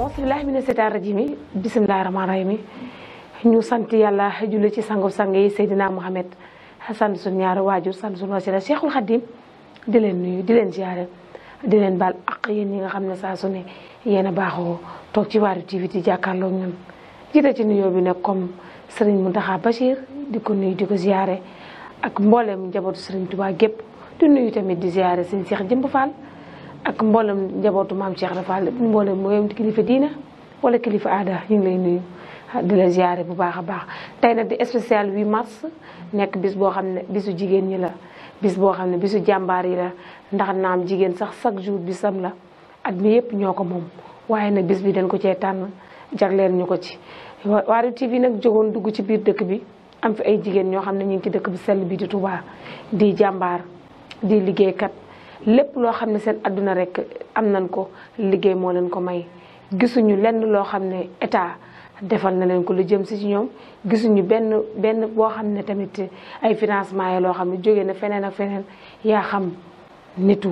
auzu billaahi mina seytaani rajiim yi bismillaahi rahmaani rahiim ñu sant yàlla julli ci sangu sang yi Seydina Mohamed sant suñu ñaari waajur sant suñu wasila Cheikhul Khadim di leen nuyu di leen ziare di leen baal ak yéen ñi nga xam ne saa su ne yéen a baaxoo toog ci Waarwi TV di jàkkaarloo ñun jiite ci nuyoo bi nag comme Serigne Mountakha Bachir di ko nuyu di ko ziare ak mboolem njabootu Serigne tubaa gépp di nuyu tamit di ziare Serigne Cheikh Jëmb Fall. ak mboolem njabootu maam Cheikh Rafaal lépp mboolem mooy kilifa diina wala kilifa aada ñu ngi lay nuyu di la bu baax a baax tey nag di spécial 8 mars nekk bis boo xam ne bisu jigéen ñi la bis boo xam ne bisu jàmbaar yi la ndax naam jigéen sax chaque jour bisam la at mi yëpp ñoo ko moom waaye nag bis bi dañ ko cee tànn jagleel ñu ko ci Waarwi TV nag jógoon dugg ci biir dëkk bi am fi ay jigéen ñoo xam ne ñu ngi ci dëkk bi sell bi di Touba di jàmbaar di liggéeykat lépp loo xam ne seen adduna rek am nañ ko liggéey moo leen ko may gisuñu lenn loo xam ne état defal na leen ko lu jëm si ci ñoom gisuñu benn benn boo xam ne tamit ay financement loo xam ne jóge na feneen ak feneen yaa xam nitu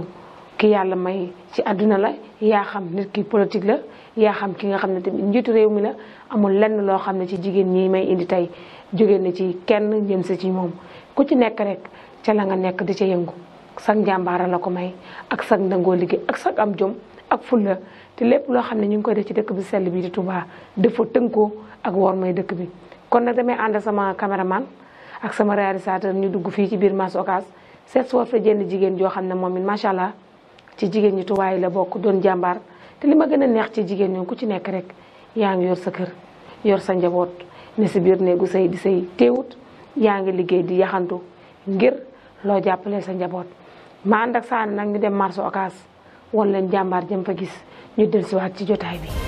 ki yàlla may ci àdduna la yaa xam nit ki politique la yaa xam ki nga xam ne tamit njiitu réew mi la amul lenn loo xam ne ci jigéen ñi may indi tey jóge na ci kenn jëm si ci moom ku ci nekk rek ce la nga nekk di ca yëngu sag a la ko may ak sag nangoo liggéey ak sag am jom ak fulla te lépp loo xam ne ñu ngi koy def ci dëkk bi sell bi di Touba dafa tënkoo ak wor may dëkk bi kon nag damay ànd sama caméraman ak sama réalisateur ñu dugg fii ci biir Mass Ocass seet war jigéen joo xam ne moom it macha allah ci jigéen ñi Touba la bokk doon jàmbaar te li ma gën a neex ci jigéen ñoom ku ci nekk rek yaa ngi yor sa kër yor sa njaboot ne si biir néegu sëy di sëy teewut yaa ngi liggéey di yaxantu ngir loo jàppale sa njaboot ma ànd ak saani ñu dem marché kaas wala leen jàmbaar jëm fa gis ñu dellusiwaat ci jotaay bi.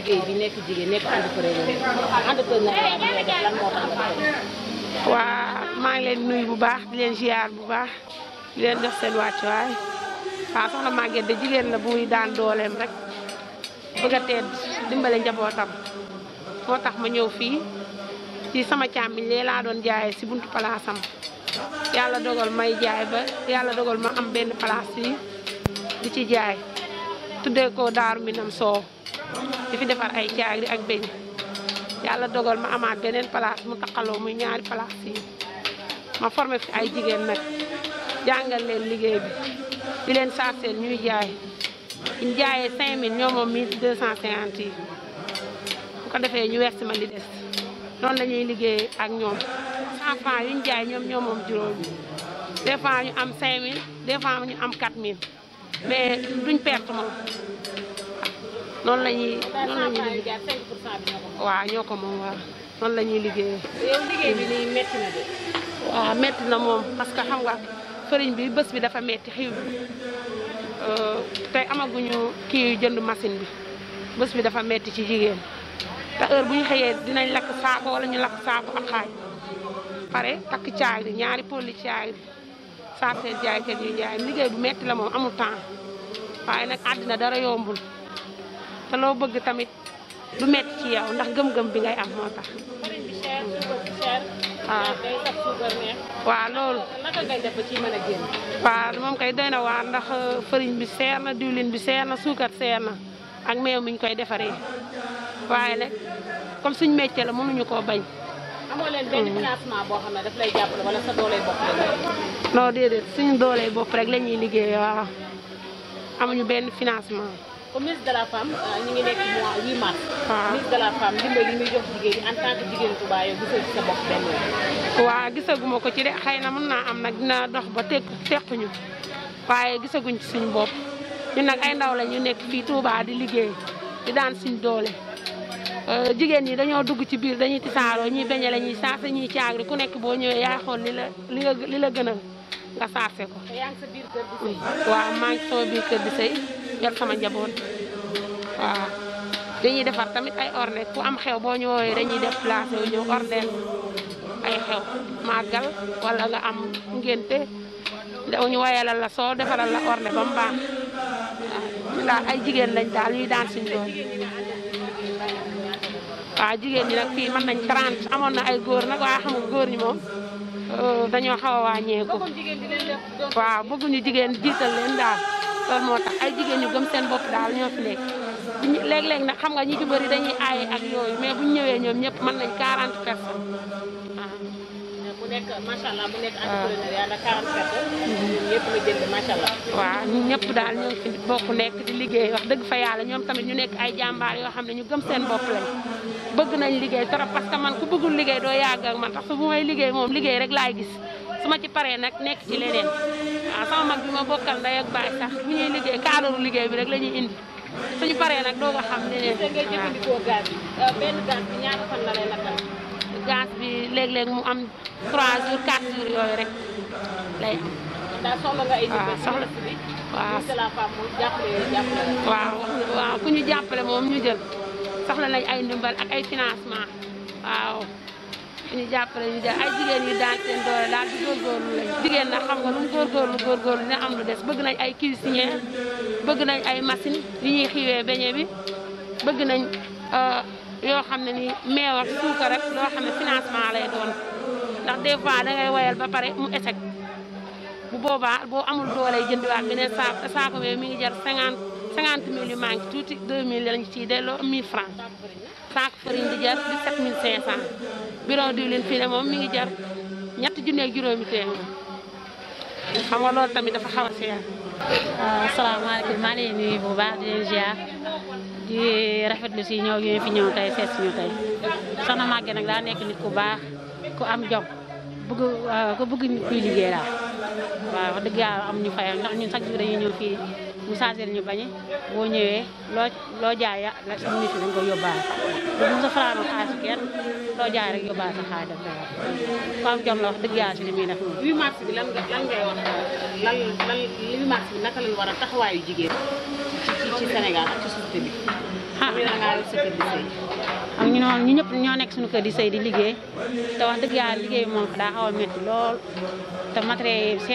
liggéey bi nekk jigéen nekk waa maa ngi leen nuyu bu baax di leen ziar bu baax di leen jox seen wàccuwaay waaw soxna Maguette de jigéen la buy daan dooleem rek bëgg a tedd dimbale njabootam moo tax ma ñëw fii ci sama càmmiñ lee laa doon jaayee ci buntu palaasam yàlla dogal may jaay ba yàlla dogal ma am benn palaas fii di ci jaay tuddee ko daaru minam soow di fi defar ay caagri ak beñ yàlla dogal ma amaat beneen place mu taqaloo muy ñaari place yi ma forme fi ay jigéen nag jàngal leen liggéey bi di leen sarseel ñuy jaay ñu jaayee 5000 ñoo moom 1250 yi bu ko defee ñu wersi ma li des noonu la liggéey ak ñoom 100 francs yu ñu jaay ñoom ñoo moom juróomi des ñu am 5000 des fois ñu am 4000 mais duñ perte moom noonu lañuy waa noonu la ñoo ko moom waaw noonu la ñuy liggéeyee. liggéey na moom parce que xam nga fëriñ bi bës bi dafa métti xiw bi euh, tey amaguñu kii jënd machine bi bës bi dafa metti ci jigéen te heure bu ñu xëyee dinañ lakk saako wala ñu lakk saako ak xaaj pare takk caagri ñaari poli caagri saar seen jaaykat yu jaay liggéey bu métti la moom amul temps waaye nag àddina dara yombul. te loo bëgg tamit du metti ci yow ndax gëm-gëm bi ngay am moo tax. waaw loolu. naka a génn. waaw moom kay doy na waar ndax euh, farine bi seer na diwlin bi seer na suukar seer na ak meew mi ñu koy defaree waaye nag comme suñ métier la mënuñu koo bañ. amoo leen benn financement boo xam ne daf lay jàppale wala sa dooley bopp rek. non rek la ñuy liggéey waaw amuñu benn financement. comme ministre de la euh, ah. gisaguma ko ci de xëy na mën naa am nag dina dox ba te tequñu waaye gisaguñ ci suñu bopp ñun nag ay ndaw la ñu nekk fii Touba di liggéey di daan suñu doole. Euh, jigéen ñi dañoo dugg ci biir dañuy tisaaroo ñuy beñe la ñuy saase ñuy caagri ku nekk boo ñëwee yaay xool li la li la gënal nga saase ko. yaa ngi sa biir sama biir kër di jot njaboot waaw dañuy defar tamit ay ornet ku am xew boo ñu woowee dañuy def place wu ñëw ornet ay xew màggal wala nga am ngénte daw ñu wayalal la soo defaral la ornet ba mu baax daal ay jigéen lañ daal ñuy daan suñu doon jigéen ñi nag fii mën nañ 30 amoon na ay góor nag waaye xamul góor ñi moom euh, dañoo xaw a wàññeeku waaw bëgguñu jigéen jiital leen daal loolu moo tax ay seen bopp daal ñoo fi nekk léeg-léeg nag xam nga ñi ak yooyu mais bu ñëwee ñoom ñëpp mën nañ 40 personnes waaw. Ah. bu nekk macha allah bu ah. mm-hmm. di liggéey wax dëgg fa yàlla ñoom tamit ñu nekk ay jàmbaar yoo xam ne ñu gëm seen bopp lañ bëgg nañ liggéey trop parce que man ku bëggul liggéey doo yàgg ak man tax su may liggéey moom liggéey rek laay gis su ma ci paree nag nekk ci leneen. waaw sama mag bi ma bokkal ndey ak baay sax bu ñuy liggéey cadre liggéey bi rek la ñuy indi suñu paree nag doo ko xam ne leen. waaw bi euh, benn gaz bi ñaata fan la lay léeg-léeg mu am 3 jours 4 yooyu rek lay am. daal soxla waaw waaw ku ñu jàppale moom ñu jël soxla nañ ay ndimbal ak ay financement waaw. ñu jàppale ñu jël ay jigéen yu daan seen doole daal di góorgóorlu lañu jigéen nag xam nga lu mu góorgóorlu góorgóorlu ne am lu des bëgg nañ ay cuisinier bëgg nañ ay machine yu ñuy xiwee bi bëgg nañ euh, yoo xam ne ni meew ak suukar rek loo xam ne financement lay doon ndax des fois da ngay woyal ba pare mu échec bu boobaa boo amul doole jëndiwaat beneen saako saako bi mi ngi jar cinquante cinquante mille yu manqué tuuti deux mille lañ ciy delloo mille francs saako farine di jar dix-sept mille cinq cent bureau diwlin fii ne moom mi ngi jar ñetti junni ak juróomi téeméer xam nga loolu tamit dafa xaw a seer. waaw asalaamaaleykum maa ngi leen nuyu bu baax di leen ziar di rafetlu si ñëw ñu fi ñëw tey seet si ñu tey soxna Maguette nag daa nekk nit ku baax ku am jom bëgg ah, ku bëgg kuy liggéey daal waaw wax dëgg yàlla am ñu fayal ndax ñun chaque jour dañuy ñëw fii. bu changé ñu bañi boo ñëwee loo loo jaay ah, la am ko yóbbaale bu mu sa faraama xaalis kenn loo la si li muy def moom 8 mars bi lan lan ngay wax lan bi naka a taxawaayu jigéen ci ci Sénégal ak ah. ñëpp ñoo nekk suñu kër di sëy di liggéey te wax dëgg yàlla liggéey bi moom daa xaw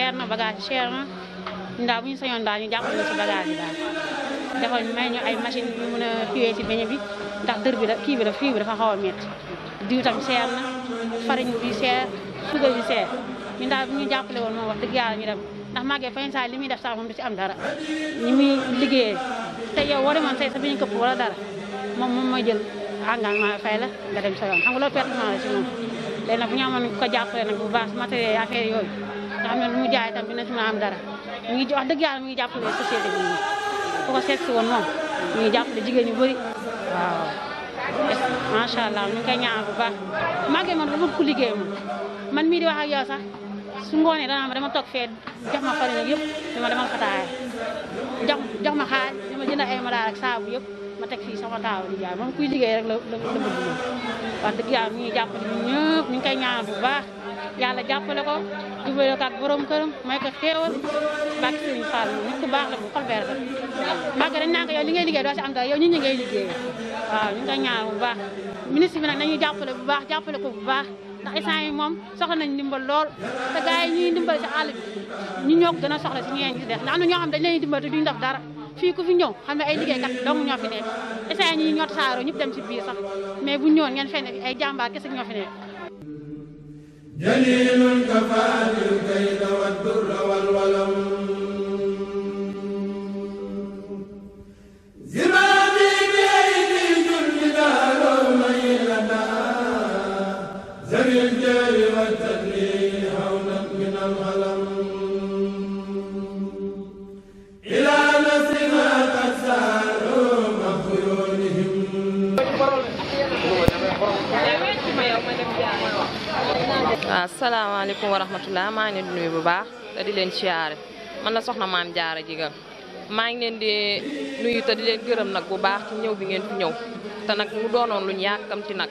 a na bagage cher na ñun daal bu ñu sañoon daal ñu jàppale ci bagage yi daal defal ñu may ñu ay machine yu mën a kiwee ci beñe bi ndax dër bi da kii bi da fii bi dafa xaw a met diw tam seer na farine bi seer sugar bi seer ñun daal ñu jàppale woon moom wax dëgg yàlla ñu dem ndax màggee fayn li muy def saa moom du ci am dara ñi muy liggéeyee te yow war moon say sa bi ñu këpp wala dara moom moom mooy jël engagement fay la nga dem sa yoon xam nga loolu la ci moom léegi bu ñu amoon ko jàppale nag bu baax matériel affaire yooyu nga xam ne lu mu jaay tam dina si a am dara mu dëgg yàlla mu ngi jàppale société bi ñu ku woon moom mu ngi jàppale jigéen ñu bëri waaw macha allah ñu ngi koy ñaan bu baax ma man dafa ku liggéey moom man mii di wax ak yow sax su ngoonee dana ma dama toog fee jox ma farine yëpp dama ma xaaj dama jënd ay saabu yëpp ma teg fii sama taaw di jaay moom kuy liggéey rek la la la bëgg dëgg yàlla mi ngi jàppale ñun ñëpp ñu ngi koy ñaan bu baax yàlla jàppale ko jubale ko ak borom këram may ko xéewal bàkki Sëriñ Fall nit ku baax la bu xol vert mbàgg dañ naan ko yow li ngay liggéey doo si am dara yow ñu ñi ngay liggéey waaw ñu ngi koy ñaan bu baax ministre bi nag nañu jàppale bu baax jàppale ko bu baax ndax instant yi moom soxla nañ ndimbal lool te gars yi ñuy si àll bi ñu ñoo ko gën a soxla si ñeen si def ndax am na ñoo xam dañ leen dimbal te duñ def dara fii ku fi ñëw xam ne ay liggéeykat ñoo fi nekk instant yi ñi ñoo ñëpp dem si biir sax mais bu ñëwoon ngeen fay ne ay jàmbaar kese ñoo fi nekk جليل كفاة الكيد والدر والولم زمامي بأيدي جند دار ميلنا زبي الجار والتدليل هونا من الغلم إلى نفسنا قد ساروا مخيولهم waa ah, asalaamaaleykum wa rahmatulah maa ngi leen nuyu bu baax te di leen siyaare man la soxna maam jaara jigal maa ngi leen di nuyu te di leen gërëm nag bu baax ci ñëw bi ngeen fi ñëw te nag mu doonoon luñ yàkkamti nag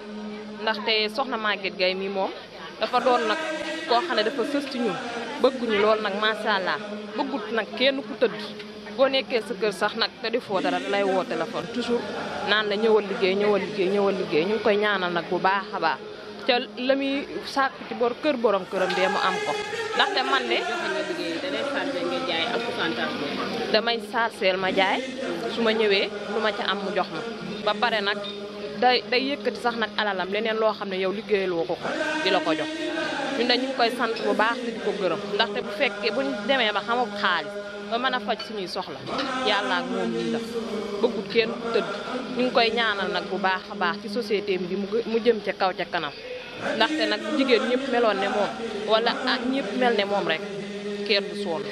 ndax te soxna Maguette gay mi moom dafa doon nag koo xam ne dafa sës ci bëgguñu lool nag macha allah bëggut nag kenn ku tëdd boo nekkee sa kër sax nag te defoo dara lay woo téléphone toujours naan la ñëwal liggéey ñëwal liggéey ñëwal liggéey ñu koy ñaanal nag bu baax a baax. ca la muy sàkk ci bor kër borom këram dee mu am ko ndaxte man de damay sarseel ma jaay su ma ñëwee lu ma ca am mu jox ma ba pare nag day day yëkkati sax nag alalam leneen loo xam ne yow liggéeyaloo ko ko di la ko jox ñun ñu koy sant bu baax di ko gërëm bu fekkee buñ demee ba xamul xaalis ba mën a faj suñuy soxla yàlla ak moom tëdd ñu ngi koy ñaanal nag bu baax a baax ci société bi mu jëm ca kaw ca kanam ndaxte nag jigéen ñépp meloon ne moom wala ah ñëpp mel ne moom rek kër du sonn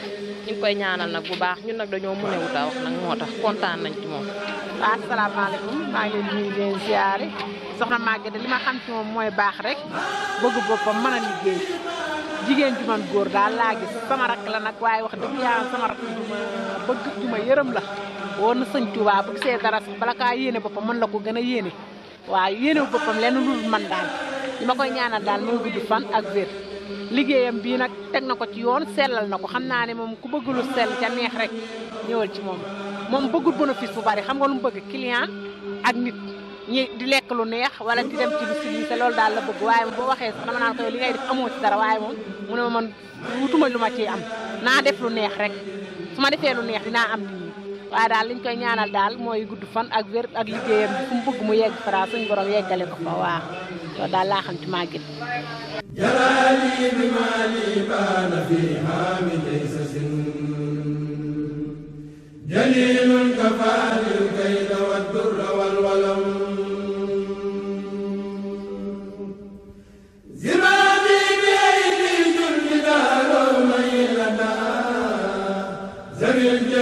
ñu koy ñaanal nag bu baax ñun nag dañoo mën a wut wax nag moo tax kontaan nañ ci moom. waaw asalaamaaleykum maa ngi leen di leen ziare soxna mooy baax rek bëgg boppam mën a liggéey jigéen ju góor daal laa gis sama rakk la nag waaye wax dëgg yàlla sama rakk ju ma bëgg ju yërëm la woon na sëñ Tuubaa bu gisee dara bala kaa yéene boppam mën la ko gën a yéene waa yéene boppam lenn lu man daal. ma koy ñaanal daal mu gudd fan ak wér liggéeyam bii nag teg na ko ci yoon sellal na ko xam naa ne moom ku bëgg lu sell ca neex rek ñëwal ci moom moom bëggul bénéfice bu bari xam nga lu mu bëgg client ak nit ñi di lekk lu neex wala di dem ci lu civilisé loolu daal la bëgg waaye boo waxee dama amoo ci waaye moom mu ne ma man wutuma lu ma ciy am naa def lu neex rek su ma defee lu neex dinaa am nit ñi waaye daal liñ koy ñaanal daal mooy gudd fan ak wér ak liggéeyam bi fu mu bëgg mu yegg fara ko fa loolu daal laa xam ci màggal jalaali bi maali baana fi haami laysa sin jalilun kafaanil kayda wa durra wal walam Jamil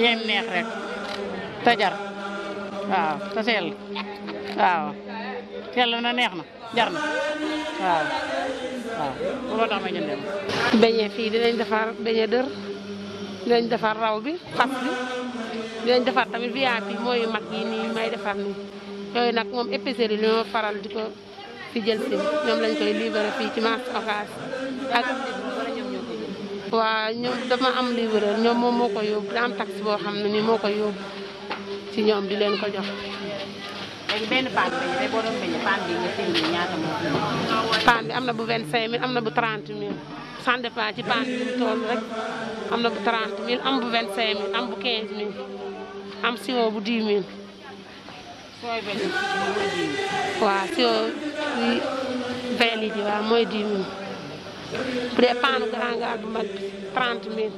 dañuy neex rek te jar waaw te sell waaw sell na neex na jar na waaw waaw looloo tax ma jëndee ma. beñe fii dinañ defar beñe dër dinañ defar raw bi xas bi dinañ defar tamit viande bi mooy mag yi nii may defar nii yooyu nag moom épicerie yi ñoo faral di ko fi jël si ñoom lañ koy libéré fii ci marché Ocass ak. waa ñoom dama am li wëral ñoom moom moo ko yóbbu am taxi boo xam ne nii moo ko yóbbu ci ñoom di leen ko jox. léegi benn paan bi boo doon bañ paan bi nga am na bu 25000 am na bu 30000 ça dépend am na bu 30000 am bu 25000 am bu 15000 am siwo bu 10000. sooy benn bi mooy 10000. waaw bu dee paanu grand gaal bu mag bi 30 mille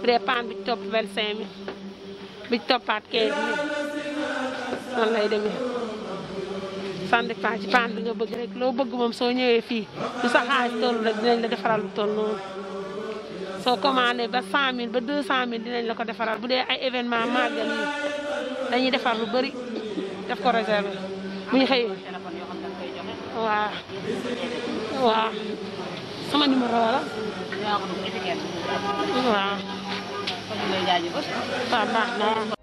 bu dee paan bi ci topp 25 mille bi ci toppaat 15 mille noonu lay demee sandi paan bi nga bëgg rek loo bëgg moom soo ñëwee fii lu sa xaalis toll rek dinañ la defaral lu toll noonu soo commandé ba 100000 ba 200000 dinañ la ko defaral bu dee ay événement màggal yi dañuy defar lu bari def ko réservé bu ñu xëyee waaw waaw sama numéro la. waaw. waaw